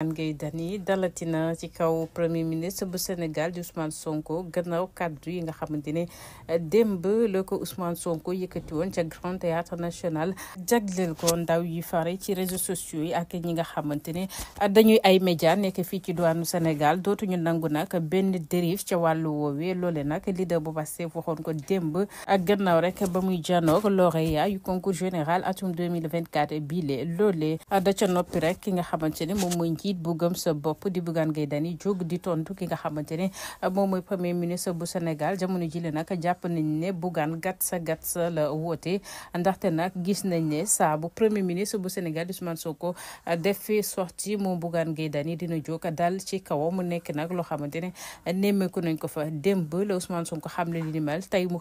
Bougane Gueye Dany dalatina ci kaw premier ministre bu Sénégal di Ousmane Sonko gannaaw kaddu yi nga xamante ne démb la ko Ousmane Sonko yëkkati woon ca Grand Théâtre National jagleel ko ndaw yi fare ci réseaux sociaux yi ak ñi nga xamante ne dañuy ay média nekk fii ci diwaanu Sénégal dootuñu nangu nag benn dérive ca wàllu woowee loole nag leader bu Pastef waxoon ko démb ak gannaaw rek ba muy janoog lauréat yu concours général atum 2024 bii lee ca noppi rek ne moom njiit bu gëm sa bopp di Bougane Gueye Dany jóg di tontu ki nga xamante ne euh, moom mooy premier ministre bu Sénégal jamono jile nag jàpp nañ ne Bougane gat sa gat sa la woote ndaxte nag gis nañ ne saa bu bu Sénégal Ousmane Sonko euh, defee sorti moom ci kawam mu nekk nag loo xamante ne euh, nemmeeku nañ ko fa démb la Ousmane Sonko xam ne li ni mel tey mu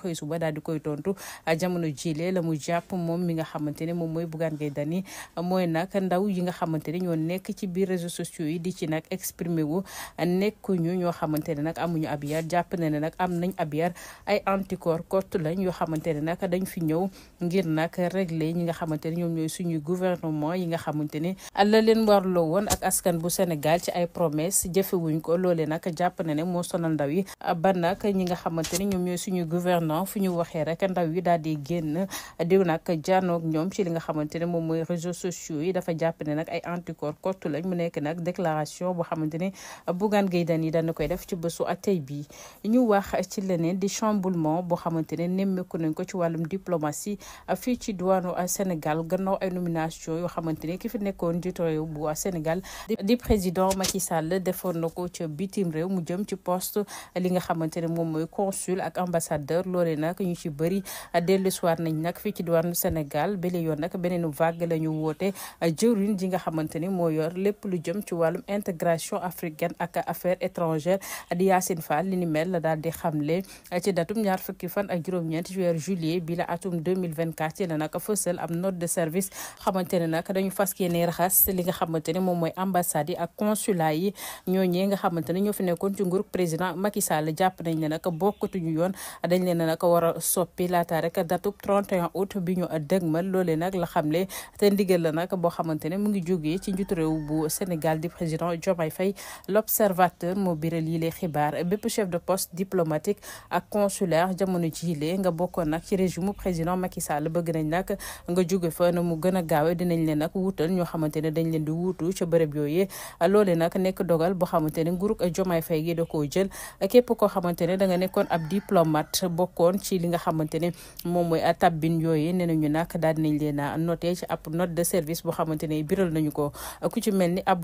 jamono jile la mu jàpp moom mi nga xamante ne moom mooy Bougane Gueye Dany mooy nag ndaw yi nga xamante ne ñoo nekk ci biir réseaux sociaux yi di ci nag exprimer wu nekkuñu ñoo xamante ne nag amuñu ab yar jàpp na ne nag am nañ ab yar ay anticorps kott lañ yoo xamante ne nag dañ fi ñëw ngir nag régler ñi nga xamante ne ñoom ñooy suñuy gouvernement yi nga xamante ne la leen warloo woon ak askan bu Sénégal ci ay promesse jëfewuñ ko loolee nag jàpp na ne moo sonal ndaw yi ba nag ñi nga xamante ne ñoom ñooy suñuy gouvernement fu ñu waxee rek ndaw yi daal di génn di nag jaanoog ñoom li nga xamante ne moom mooy réseaux sociaux yi dafa jàpp ne nag ay anticorps kott lañ mu nekk nag déclaration boo xamante ne Bougane Gueye Dany dana koy def ci bésu atey bi ñu wax ci leneen di chamboulement boo xamante ne nañ ko ci wàllum diplomatie fii ci diwaanu Sénégal gannaaw ay nomination yoo xamante ne ki fi nekkoon njiitu réew bu Sénégal di président Macky Sall defoon na ko ca bitim réew mu jëm ci poste li nga xamante ne moom mooy consul ak ambassadeur loolee nag ñu ci bëri dellu soir nañ nag fi ci diwaanu Sénégal bele yoon nag beneen vague la ñu woote jëwriñ ji nga xamante ne yor lépp lu jëm ci wàllum intégration africaine ak affaires étrangères di Yacine Fall li la daal di xamle ak juróom-ñeent am note de service xamante ne nag fas yéene raxas li nga xamante moom mooy ambassade yi ak consulat ñooñee nga xamante ñoo fi nekkoon ci nguur président Macky Sall jàpp nañ ne nag bokkatuñu yoon dañ leen nag war a soppi laata rek datub 31 août bi ñu dëgmal loolee nag la xamle te ndigal la nag boo xamante mu ngi Sénégal di président Diomaye Faye l'observateur moo biral yi lay xibaar bépp chef de poste diplomatique ak consulaire jamono ji lee nga bokkoon nag ci régime président Macky Sall bëgg nañ nag nga a gaawe dinañ ñoo xamante dañ leen di wuutu ca bërëb yooyu loole nag nekk dogal boo xamante ne nguurug Diomaye Faye gi da koo jël képp koo xamante ne da ab diplomate bokkoon ci li nga xamante moom mooy tabbin yooyu nee nañu nag daal dinañ leen a noté ci ab note de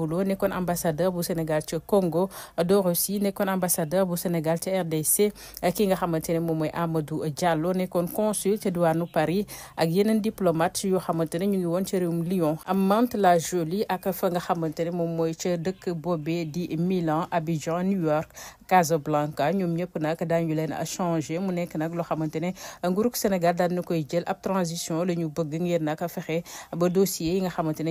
Mboulo nekkoon ambassadeur bu Sénégal ci Congo Doro Sy nekkoon ambassadeur bu Sénégal ci RDC ki nga xamante ne moom mooy Amadou Diallo nekkoon consul ci diwaanu Paris ak yeneen diplomate yoo xamante ne ñu ngi woon ci réewum Lyon Mantes-la-Jolie ak fa nga xamante ne moom mooy ca dëkk boobee di Milan Abidjan New York Casablanca ñoom ñëpp nag daañu leen changé mu nekk nag loo xamante ne nguurug Sénégal daal na koy jël ab transition la bëgg ngeen nag fexe ba dossier yi nga xamante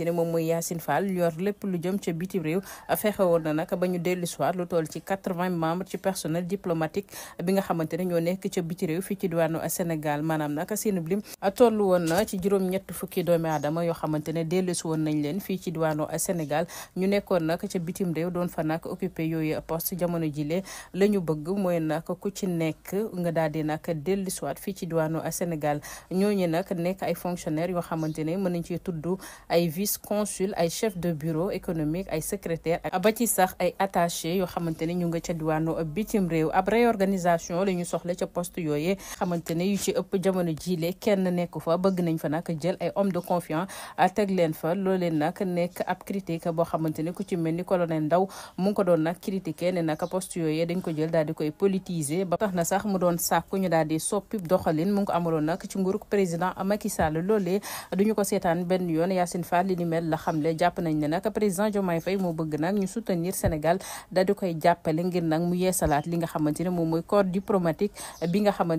ne moom mooy Yacine Fall yor lépp lu jëm ca bitim réew fexe woon na nag ba ñu dellu soir lu toll ci 80 membres ci personnel diplomatique bi nga xamante ne ñoo nekk ca bitim réew fii ci diwaanu Sénégal maanaam nag seenub lim toll woon na ci juróom-ñett fukki doomi aadama yoo xamante ne dellusi woon nañ leen fii ci diwaanu Sénégal ñu nekkoon nag ca bitim réew doon fa nag occupé yooyu poste jamono jile la ñu bëgg mooy nag ku ci nekk nga daal di nag dellusiwaat fii ci diwaanu Sénégal ñooñu nag nekk ay fonctionnaires yoo xamante ne mën nañ ci tudd ay vice consul ay chef de bureau économique ay secrétaire ba ci sax ay attaché yoo xamante ne ñu nga ca diwaanu bitim réew ab réorganisation la ñu soxla ca poste yooyee xamante ne yu ci ëpp jamono jiile kenn nekku fa bëgg nañ fa nag jël ay homme de confiance ah, teg leen fa loolee nag nekk ab critique boo xamante ne ku ci mel ni colonel Ndaw mu ngi ko doon nag critiquer ne nag poste yooyu dañ ko jël daal di koy politiser ba tax na sax mu doon sàkku ñu daal di soppi doxalin mu ngi ko amaloon nag ci nguurug président Macky Sall loolee duñu ko seetaan benn yoon Yacine Fall li ni mel la jàpp nañ ne nag président Diomaye Faye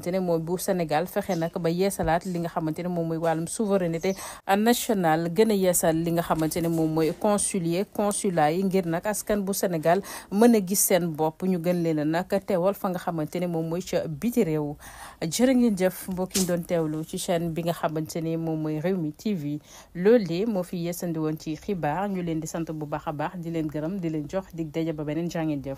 xamante ne mooy Sénégal fexe nag ba yeesalaat li nga xamante ne moom mooy wàllum souveraineté nationale gën a yeesal li nga xamante ne moom mooy consulier consulat yi ngir nag askan bu Sénégal mën a gis seen bopp ñu gën leen a nag teewal fa nga xamante ne moom mooy ca biti réew jërë ngeen jëf mbokk yi doon teewlu ci chaîne bi nga xamante ne moom mooy Rewmi TV loolee moo fi yeesandi woon ci xibaar ñu leen di sant bu baax a baax di leen gërëm di leen jox di daje ba beneen jàngeen jëf